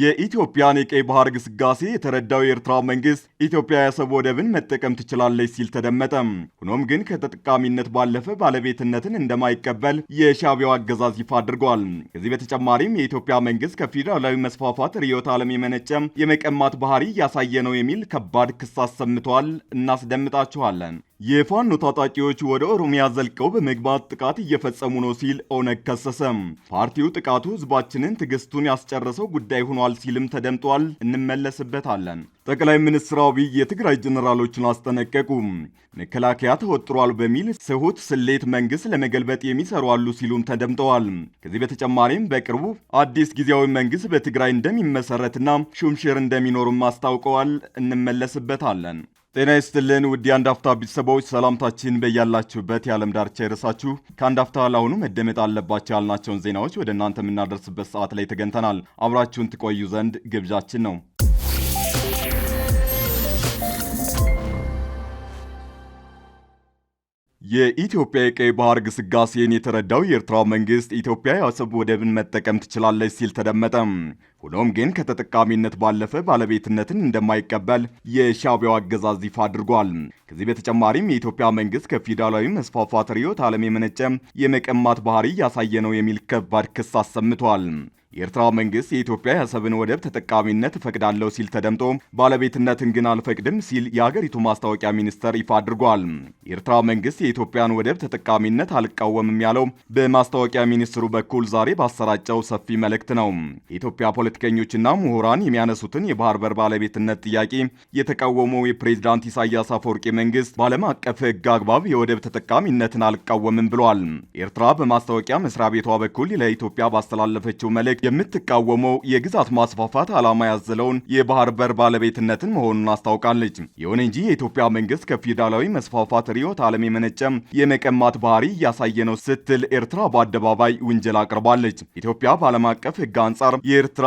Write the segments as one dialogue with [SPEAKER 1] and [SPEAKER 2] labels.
[SPEAKER 1] የኢትዮጵያን የቀይ ባህር ግስጋሴ የተረዳው የኤርትራ መንግስት ኢትዮጵያ የአሰብ ወደብን መጠቀም ትችላለች ሲል ተደመጠ። ሆኖም ግን ከተጠቃሚነት ባለፈ ባለቤትነትን እንደማይቀበል የሻቢያው አገዛዝ ይፋ አድርጓል። ከዚህ በተጨማሪም የኢትዮጵያ መንግስት ከፌዴራላዊ መስፋፋት ርዕዮተ ዓለም የመነጨም የመቀማት ባህሪ እያሳየ ነው የሚል ከባድ ክስ አሰምተዋል። እናስደምጣችኋለን። የፋኖ ታጣቂዎች ወደ ኦሮሚያ ዘልቀው በመግባት ጥቃት እየፈጸሙ ነው ሲል ኦነግ ከሰሰም። ፓርቲው ጥቃቱ ህዝባችንን ትዕግስቱን ያስጨረሰው ጉዳይ ሆኗል ሲልም ተደምጧል። እንመለስበታለን። ጠቅላይ ሚኒስትር አብይ የትግራይ ጀኔራሎችን አስጠነቀቁ። መከላከያ ተወጥሯል በሚል ስሁት ስሌት መንግስት ለመገልበጥ የሚሰሩ አሉ ሲሉም ተደምጠዋል። ከዚህ በተጨማሪም በቅርቡ አዲስ ጊዜያዊ መንግስት በትግራይ እንደሚመሰረትና ሹምሽር እንደሚኖርም አስታውቀዋል። እንመለስበታለን። ጤና ይስጥልን ውድ የአንዳፍታ ቤተሰቦች ሰላምታችን በያላችሁበት የዓለም ዳርቻ ይድረሳችሁ። ከአንድ አፍታ ለአሁኑ መደመጥ አለባቸው ያልናቸውን ዜናዎች ወደ እናንተ የምናደርስበት ሰዓት ላይ ተገኝተናል። አብራችሁን ትቆዩ ዘንድ ግብዣችን ነው። የኢትዮጵያ የቀይ ባህር ግስጋሴን የተረዳው የኤርትራ መንግስት ኢትዮጵያ የአሰብ ወደብን መጠቀም ትችላለች ሲል ተደመጠ። ሆኖም ግን ከተጠቃሚነት ባለፈ ባለቤትነትን እንደማይቀበል የሻቢያው አገዛዝ ይፋ አድርጓል። ከዚህ በተጨማሪም የኢትዮጵያ መንግስት ከፊውዳላዊ መስፋፋት ርዕዮተ ዓለም የመነጨ የመቀማት ባህሪ እያሳየ ነው የሚል ከባድ ክስ አሰምቷል። የኤርትራ መንግስት የኢትዮጵያ የአሰብን ወደብ ተጠቃሚነት እፈቅዳለሁ ሲል ተደምጦ ባለቤትነትን ግን አልፈቅድም ሲል የአገሪቱ ማስታወቂያ ሚኒስተር ይፋ አድርጓል። የኤርትራ መንግስት የኢትዮጵያን ወደብ ተጠቃሚነት አልቃወምም ያለው በማስታወቂያ ሚኒስትሩ በኩል ዛሬ ባሰራጨው ሰፊ መልእክት ነው። የኢትዮጵያ ፖለቲከኞችና ምሁራን የሚያነሱትን የባህር በር ባለቤትነት ጥያቄ የተቃወመው የፕሬዚዳንት ኢሳያስ አፈወርቂ መንግስት በዓለም አቀፍ ህግ አግባብ የወደብ ተጠቃሚነትን አልቃወምም ብሏል። ኤርትራ በማስታወቂያ መስሪያ ቤቷ በኩል ለኢትዮጵያ ባስተላለፈችው መልእክት የምትቃወመው የግዛት ማስፋፋት ዓላማ ያዘለውን የባህር በር ባለቤትነትን መሆኑን አስታውቃለች። ይሁን እንጂ የኢትዮጵያ መንግስት ከፊውዳላዊ መስፋፋት ርዕዮተ ዓለም የመነጨም የመቀማት ባህሪ እያሳየ ነው ስትል ኤርትራ በአደባባይ ውንጀላ አቅርባለች። ኢትዮጵያ በዓለም አቀፍ ህግ አንጻር የኤርትራ፣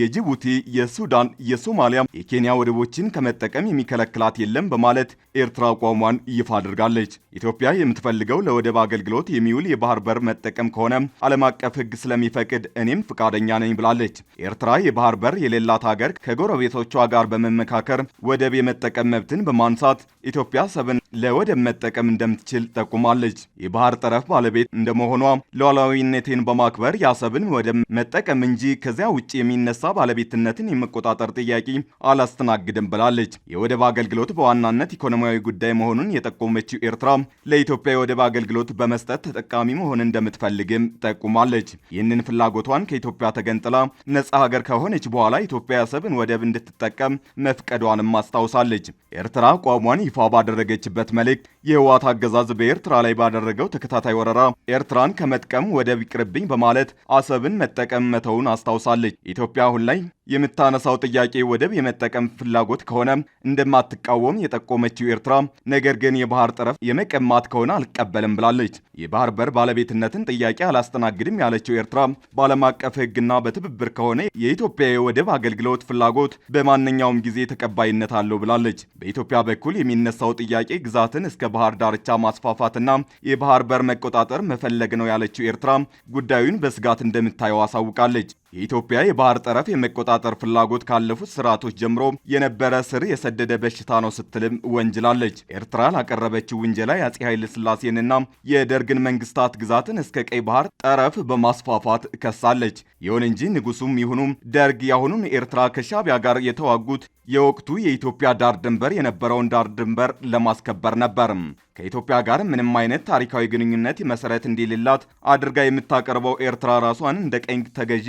[SPEAKER 1] የጅቡቲ፣ የሱዳን፣ የሶማሊያ፣ የኬንያ ወደቦችን ከመጠቀም የሚከለክላት የለም በማለት ኤርትራ አቋሟን ይፋ አድርጋለች። ኢትዮጵያ የምትፈልገው ለወደብ አገልግሎት የሚውል የባህር በር መጠቀም ከሆነ ዓለም አቀፍ ህግ ስለሚፈቅድ እኔም ፍቃድ ፈቃደኛ ነኝ ብላለች። ኤርትራ የባህር በር የሌላት ሀገር ከጎረቤቶቿ ጋር በመመካከር ወደብ የመጠቀም መብትን በማንሳት ኢትዮጵያ ሰብን ለወደብ መጠቀም እንደምትችል ጠቁማለች። የባህር ጠረፍ ባለቤት እንደመሆኗ ሉዓላዊነቴን በማክበር የአሰብን ወደብ መጠቀም እንጂ ከዚያ ውጭ የሚነሳ ባለቤትነትን የመቆጣጠር ጥያቄ አላስተናግድም ብላለች። የወደብ አገልግሎት በዋናነት ኢኮኖሚያዊ ጉዳይ መሆኑን የጠቆመችው ኤርትራ ለኢትዮጵያ የወደብ አገልግሎት በመስጠት ተጠቃሚ መሆን እንደምትፈልግም ጠቁማለች። ይህንን ፍላጎቷን ከኢትዮጵያ ከኢትዮጵያ ተገንጥላ ነጻ ሀገር ከሆነች በኋላ ኢትዮጵያ አሰብን ወደብ እንድትጠቀም መፍቀዷንም አስታውሳለች። ኤርትራ አቋሟን ይፋ ባደረገችበት መልእክት የህወሓት አገዛዝ በኤርትራ ላይ ባደረገው ተከታታይ ወረራ ኤርትራን ከመጥቀም ወደብ ይቅርብኝ በማለት አሰብን መጠቀም መተውን አስታውሳለች። ኢትዮጵያ አሁን ላይ የምታነሳው ጥያቄ ወደብ የመጠቀም ፍላጎት ከሆነ እንደማትቃወም የጠቆመችው ኤርትራ ነገር ግን የባህር ጠረፍ የመቀማት ከሆነ አልቀበልም ብላለች። የባህር በር ባለቤትነትን ጥያቄ አላስተናግድም ያለችው ኤርትራ በዓለም አቀፍ ሕግና በትብብር ከሆነ የኢትዮጵያ የወደብ አገልግሎት ፍላጎት በማንኛውም ጊዜ ተቀባይነት አለው ብላለች። በኢትዮጵያ በኩል የሚነሳው ጥያቄ ግዛትን እስከ ባህር ዳርቻ ማስፋፋትና የባህር በር መቆጣጠር መፈለግ ነው ያለችው ኤርትራ ጉዳዩን በስጋት እንደምታየው አሳውቃለች። የኢትዮጵያ የባህር ጠረፍ የመቆጣጠር ፍላጎት ካለፉት ስርዓቶች ጀምሮ የነበረ ስር የሰደደ በሽታ ነው ስትልም ወንጅላለች። ኤርትራ ላቀረበችው ውንጀላ የአጼ ኃይለ ስላሴንና የደርግን መንግስታት ግዛትን እስከ ቀይ ባህር ጠረፍ በማስፋፋት ከሳለች። ይሁን እንጂ ንጉሱም ይሁኑም ደርግ ያሁኑን ኤርትራ ከሻቢያ ጋር የተዋጉት የወቅቱ የኢትዮጵያ ዳር ድንበር የነበረውን ዳር ድንበር ለማስከበር ነበር። ከኢትዮጵያ ጋር ምንም አይነት ታሪካዊ ግንኙነት መሰረት እንደሌላት አድርጋ የምታቀርበው ኤርትራ ራሷን እንደ ቀኝ ተገዢ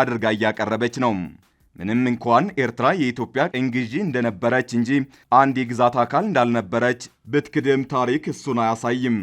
[SPEAKER 1] አድርጋ እያቀረበች ነው። ምንም እንኳን ኤርትራ የኢትዮጵያ ቅኝ ገዢ እንደነበረች እንጂ አንድ የግዛት አካል እንዳልነበረች ብትክድም ታሪክ እሱን አያሳይም።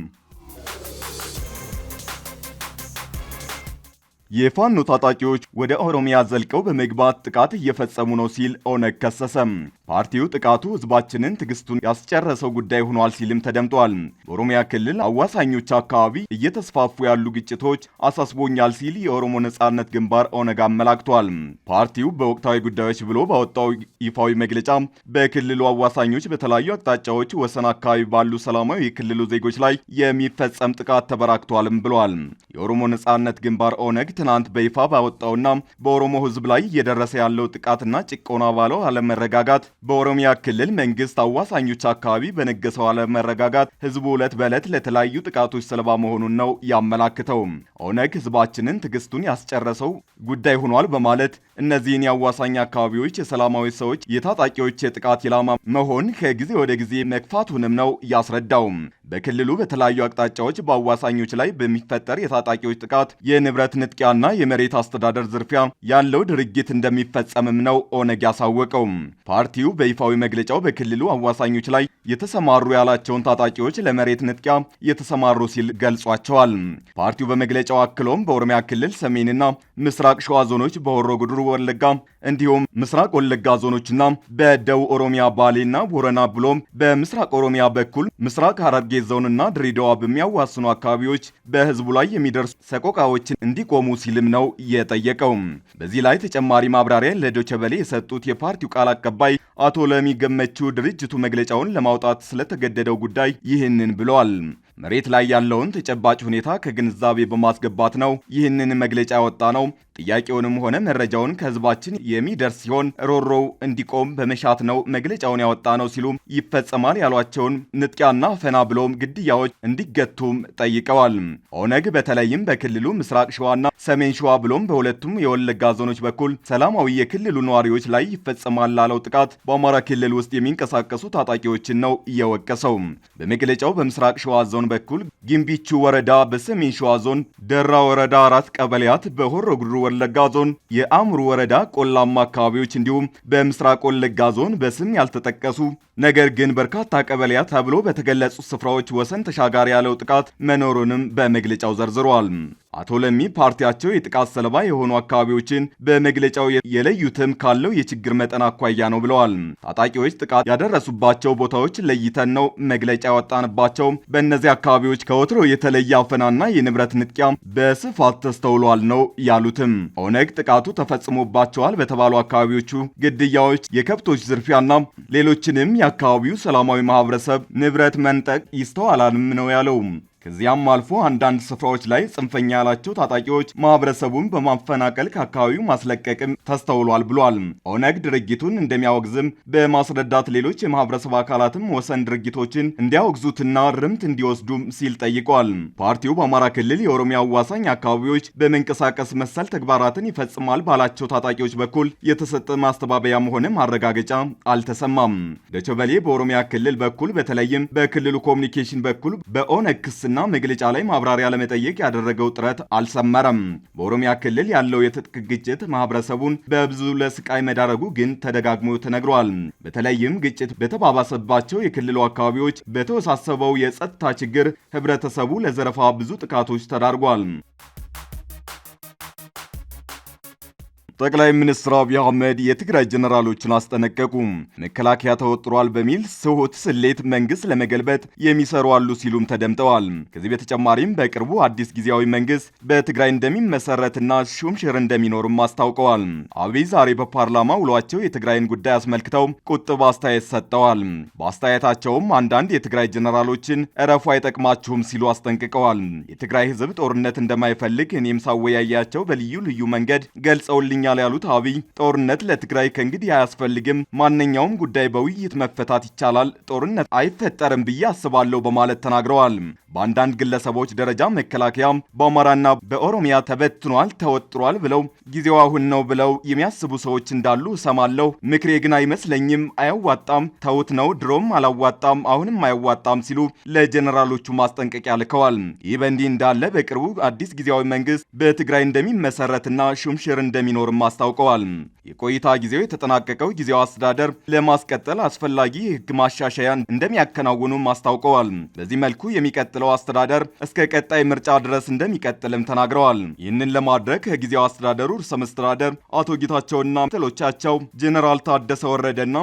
[SPEAKER 1] የፋኖ ታጣቂዎች ወደ ኦሮሚያ ዘልቀው በመግባት ጥቃት እየፈጸሙ ነው ሲል ኦነግ ከሰሰም። ፓርቲው ጥቃቱ ህዝባችንን ትዕግስቱን ያስጨረሰው ጉዳይ ሆኗል ሲልም ተደምጧል። በኦሮሚያ ክልል አዋሳኞች አካባቢ እየተስፋፉ ያሉ ግጭቶች አሳስቦኛል ሲል የኦሮሞ ነጻነት ግንባር ኦነግ አመላክቷል። ፓርቲው በወቅታዊ ጉዳዮች ብሎ ባወጣው ይፋዊ መግለጫ በክልሉ አዋሳኞች በተለያዩ አቅጣጫዎች ወሰን አካባቢ ባሉ ሰላማዊ የክልሉ ዜጎች ላይ የሚፈጸም ጥቃት ተበራክቷልም ብሏል። የኦሮሞ ነጻነት ግንባር ኦነግ ትናንት በይፋ ባወጣውና በኦሮሞ ህዝብ ላይ እየደረሰ ያለው ጥቃትና ጭቆና ባለው አለመረጋጋት በኦሮሚያ ክልል መንግስት አዋሳኞች አካባቢ በነገሰው አለመረጋጋት ህዝቡ ዕለት በዕለት ለተለያዩ ጥቃቶች ሰለባ መሆኑን ነው ያመላክተው። ኦነግ ህዝባችንን ትዕግስቱን ያስጨረሰው ጉዳይ ሆኗል በማለት እነዚህን የአዋሳኝ አካባቢዎች የሰላማዊ ሰዎች የታጣቂዎች የጥቃት ኢላማ መሆን ከጊዜ ወደ ጊዜ መግፋቱንም ነው ያስረዳው። በክልሉ በተለያዩ አቅጣጫዎች በአዋሳኞች ላይ በሚፈጠር የታጣቂዎች ጥቃት የንብረት ንጥቂያና የመሬት አስተዳደር ዝርፊያ ያለው ድርጊት እንደሚፈጸምም ነው ኦነግ ያሳወቀው። ፓርቲው በይፋዊ መግለጫው በክልሉ አዋሳኞች ላይ የተሰማሩ ያላቸውን ታጣቂዎች ለመሬት ንጥቂያ የተሰማሩ ሲል ገልጿቸዋል። ፓርቲው በመግለጫው አክሎም በኦሮሚያ ክልል ሰሜንና ምስራቅ ሸዋ ዞኖች በሆሮ ጉድሩ ወለጋ እንዲሁም ምስራቅ ወለጋ ዞኖችና በደቡብ ኦሮሚያ ባሌና ቦረና ብሎም በምስራቅ ኦሮሚያ በኩል ምስራቅ ሐረርጌ ዞንና ድሬዳዋ በሚያዋስኑ አካባቢዎች በህዝቡ ላይ የሚደርሱ ሰቆቃዎችን እንዲቆሙ ሲልም ነው የጠየቀው። በዚህ ላይ ተጨማሪ ማብራሪያ ለዶቸበሌ የሰጡት የፓርቲው ቃል አቀባይ አቶ ለሚ ገመቹ ድርጅቱ መግለጫውን ለማውጣት ስለተገደደው ጉዳይ ይህንን ብለዋል። መሬት ላይ ያለውን ተጨባጭ ሁኔታ ከግንዛቤ በማስገባት ነው ይህንን መግለጫ ያወጣ ነው። ጥያቄውንም ሆነ መረጃውን ከህዝባችን የሚደርስ ሲሆን ሮሮው እንዲቆም በመሻት ነው መግለጫውን ያወጣ ነው ሲሉም ይፈጸማል ያሏቸውን ንጥቂያና ፈና ብሎም ግድያዎች እንዲገቱም ጠይቀዋል። ኦነግ በተለይም በክልሉ ምስራቅ ሸዋና ሰሜን ሸዋ ብሎም በሁለቱም የወለጋ ዞኖች በኩል ሰላማዊ የክልሉ ነዋሪዎች ላይ ይፈጸማል ላለው ጥቃት በአማራ ክልል ውስጥ የሚንቀሳቀሱ ታጣቂዎችን ነው እየወቀሰው። በመግለጫው በምስራቅ ሸዋ ዞን ዞን በኩል ግንቢቹ ወረዳ በሰሜን ሸዋ ዞን ደራ ወረዳ አራት ቀበሌያት በሆሮ ጉድሩ ወለጋ ዞን የአምሩ ወረዳ ቆላማ አካባቢዎች እንዲሁም በምስራቅ ወለጋ ዞን በስም ያልተጠቀሱ ነገር ግን በርካታ ቀበሌያ ተብሎ በተገለጹ ስፍራዎች ወሰን ተሻጋሪ ያለው ጥቃት መኖሩንም በመግለጫው ዘርዝሯል። አቶ ለሚ ፓርቲያቸው የጥቃት ሰለባ የሆኑ አካባቢዎችን በመግለጫው የለዩትም ካለው የችግር መጠን አኳያ ነው ብለዋል። ታጣቂዎች ጥቃት ያደረሱባቸው ቦታዎች ለይተን ነው መግለጫ ያወጣንባቸው። በእነዚህ አካባቢዎች ከወትሮ የተለየ አፈናና የንብረት ንጥቂያ በስፋት ተስተውሏል ነው ያሉትም። ኦነግ ጥቃቱ ተፈጽሞባቸዋል በተባሉ አካባቢዎቹ ግድያዎች፣ የከብቶች ዝርፊያና ሌሎችንም የአካባቢው ሰላማዊ ማህበረሰብ ንብረት መንጠቅ ይስተዋላልም ነው ያለው። ከዚያም አልፎ አንዳንድ ስፍራዎች ላይ ጽንፈኛ ያላቸው ታጣቂዎች ማህበረሰቡን በማፈናቀል ከአካባቢው ማስለቀቅም ተስተውሏል ብሏል። ኦነግ ድርጊቱን እንደሚያወግዝም በማስረዳት ሌሎች የማህበረሰብ አካላትም ወሰን ድርጊቶችን እንዲያወግዙትና ርምት እንዲወስዱም ሲል ጠይቋል። ፓርቲው በአማራ ክልል የኦሮሚያ አዋሳኝ አካባቢዎች በመንቀሳቀስ መሰል ተግባራትን ይፈጽማል ባላቸው ታጣቂዎች በኩል የተሰጠ ማስተባበያም ሆነ ማረጋገጫ አልተሰማም። ደቸበሌ በኦሮሚያ ክልል በኩል በተለይም በክልሉ ኮሚኒኬሽን በኩል በኦነግ ክስና ትናንትና መግለጫ ላይ ማብራሪያ ለመጠየቅ ያደረገው ጥረት አልሰመረም። በኦሮሚያ ክልል ያለው የትጥቅ ግጭት ማህበረሰቡን በብዙ ለስቃይ መዳረጉ ግን ተደጋግሞ ተነግሯል። በተለይም ግጭት በተባባሰባቸው የክልሉ አካባቢዎች በተወሳሰበው የጸጥታ ችግር ህብረተሰቡ ለዘረፋ ብዙ ጥቃቶች ተዳርጓል። ጠቅላይ ሚኒስትር አብይ አህመድ የትግራይ ጀነራሎችን አስጠነቀቁ። መከላከያ ተወጥሯል በሚል ስሁት ስሌት መንግስት ለመገልበጥ የሚሰሩ አሉ ሲሉም ተደምጠዋል። ከዚህ በተጨማሪም በቅርቡ አዲስ ጊዜያዊ መንግስት በትግራይ እንደሚመሰረትና ሹምሽር እንደሚኖርም አስታውቀዋል። አብይ ዛሬ በፓርላማ ውሏቸው የትግራይን ጉዳይ አስመልክተው ቁጥብ አስተያየት ሰጥተዋል። በአስተያየታቸውም አንዳንድ የትግራይ ጀነራሎችን እረፉ አይጠቅማችሁም ሲሉ አስጠንቅቀዋል። የትግራይ ህዝብ ጦርነት እንደማይፈልግ እኔም ሳወያያቸው በልዩ ልዩ መንገድ ገልጸውልኝ ይገኛል ያሉት አብይ ጦርነት ለትግራይ ከእንግዲህ አያስፈልግም፣ ማንኛውም ጉዳይ በውይይት መፈታት ይቻላል፣ ጦርነት አይፈጠርም ብዬ አስባለሁ በማለት ተናግረዋል። በአንዳንድ ግለሰቦች ደረጃ መከላከያ በአማራና በኦሮሚያ ተበትኗል፣ ተወጥሯል ብለው ጊዜው አሁን ነው ብለው የሚያስቡ ሰዎች እንዳሉ እሰማለሁ። ምክሬ ግን አይመስለኝም፣ አያዋጣም፣ ተውት ነው፣ ድሮም አላዋጣም፣ አሁንም አያዋጣም ሲሉ ለጀኔራሎቹ ማስጠንቀቂያ ልከዋል። ይህ በእንዲህ እንዳለ በቅርቡ አዲስ ጊዜያዊ መንግስት በትግራይ እንደሚመሰረትና ሹምሽር እንደሚኖር እንደሚኖርም አስታውቀዋል። የቆይታ ጊዜው የተጠናቀቀው ጊዜው አስተዳደር ለማስቀጠል አስፈላጊ የህግ ማሻሻያ እንደሚያከናውኑም አስታውቀዋል። በዚህ መልኩ የሚቀጥለው አስተዳደር እስከ ቀጣይ ምርጫ ድረስ እንደሚቀጥልም ተናግረዋል። ይህንን ለማድረግ ከጊዜው አስተዳደሩ ርዕሰ መስተዳደር አቶ ጌታቸውና ምክትሎቻቸው ጄኔራል ታደሰ ወረደና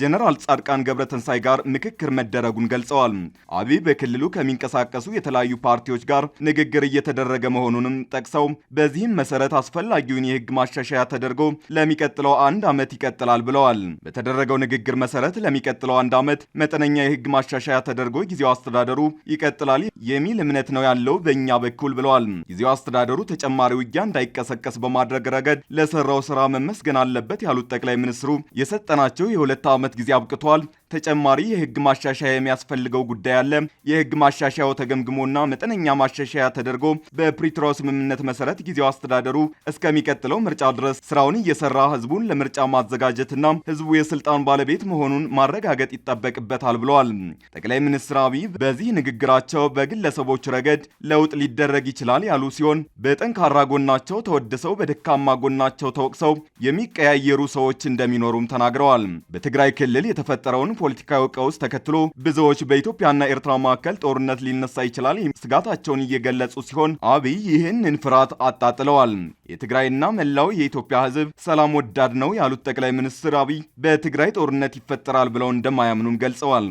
[SPEAKER 1] ጀነራል ጻድቃን ገብረተንሳይ ጋር ምክክር መደረጉን ገልጸዋል። አብይ በክልሉ ከሚንቀሳቀሱ የተለያዩ ፓርቲዎች ጋር ንግግር እየተደረገ መሆኑንም ጠቅሰው በዚህም መሰረት አስፈላጊውን የህግ ማሻሻያ ተደርጎ ለሚቀጥለው አንድ ዓመት ይቀጥላል ብለዋል። በተደረገው ንግግር መሰረት ለሚቀጥለው አንድ ዓመት መጠነኛ የህግ ማሻሻያ ተደርጎ ጊዜው አስተዳደሩ ይቀጥላል የሚል እምነት ነው ያለው በእኛ በኩል ብለዋል። ጊዜው አስተዳደሩ ተጨማሪ ውጊያ እንዳይቀሰቀስ በማድረግ ረገድ ለሰራው ስራ መመስገን አለበት ያሉት ጠቅላይ ሚኒስትሩ የሰጠናቸው የሁለት ዓመት ጊዜ አብቅቷል። ተጨማሪ የህግ ማሻሻያ የሚያስፈልገው ጉዳይ አለ። የህግ ማሻሻያው ተገምግሞና መጠነኛ ማሻሻያ ተደርጎ በፕሪቶሪያው ስምምነት መሰረት ጊዜው አስተዳደሩ እስከሚቀጥለው ምርጫ ድረስ ስራውን እየሰራ ህዝቡን ለምርጫ ማዘጋጀትና ህዝቡ የስልጣን ባለቤት መሆኑን ማረጋገጥ ይጠበቅበታል ብለዋል። ጠቅላይ ሚኒስትር አብይ በዚህ ንግግራቸው በግለሰቦች ረገድ ለውጥ ሊደረግ ይችላል ያሉ ሲሆን በጠንካራ ጎናቸው ተወድሰው በደካማ ጎናቸው ተወቅሰው የሚቀያየሩ ሰዎች እንደሚኖሩም ተናግረዋል። በትግራይ ክልል የተፈጠረውን ፖለቲካዊ ቀውስ ተከትሎ ብዙዎች በኢትዮጵያና ኤርትራ መካከል ጦርነት ሊነሳ ይችላል ስጋታቸውን እየገለጹ ሲሆን አብይ ይህንን ፍርሃት አጣጥለዋል። የትግራይና መላው የኢትዮጵያ ሕዝብ ሰላም ወዳድ ነው ያሉት ጠቅላይ ሚኒስትር አብይ በትግራይ ጦርነት ይፈጠራል ብለው እንደማያምኑም ገልጸዋል።